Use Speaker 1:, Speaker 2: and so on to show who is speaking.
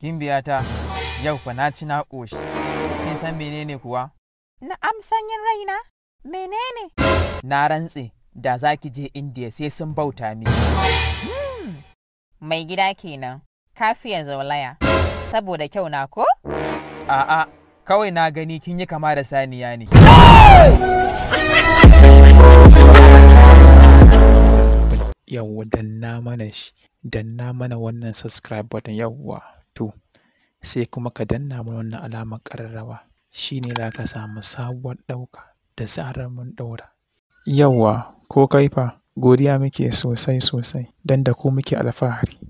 Speaker 1: Gimbiya ta yau fa na ci na ƙoshi. Kin san menene kuwa?
Speaker 2: Na amsanyin raina? Menene?
Speaker 1: Na rantse da za ki je Indiya sai sun bauta ni. Hmm.
Speaker 2: Mai gida kenan, kafiyar zaulaya, saboda kyau na ko?
Speaker 1: A'a, kawai na gani kin
Speaker 3: yi kama da saniya ne. Yawwa danna mana shi, danna mana wannan subscribe button yawwa. to sai kuma ka danna mun wannan alamar ƙararrawa shine ne za ka samu sabuwar ɗauka da zarar mun ɗaura.
Speaker 4: Yawwa ko kaifa? godiya muke sosai sosai don da ku muke alfahari.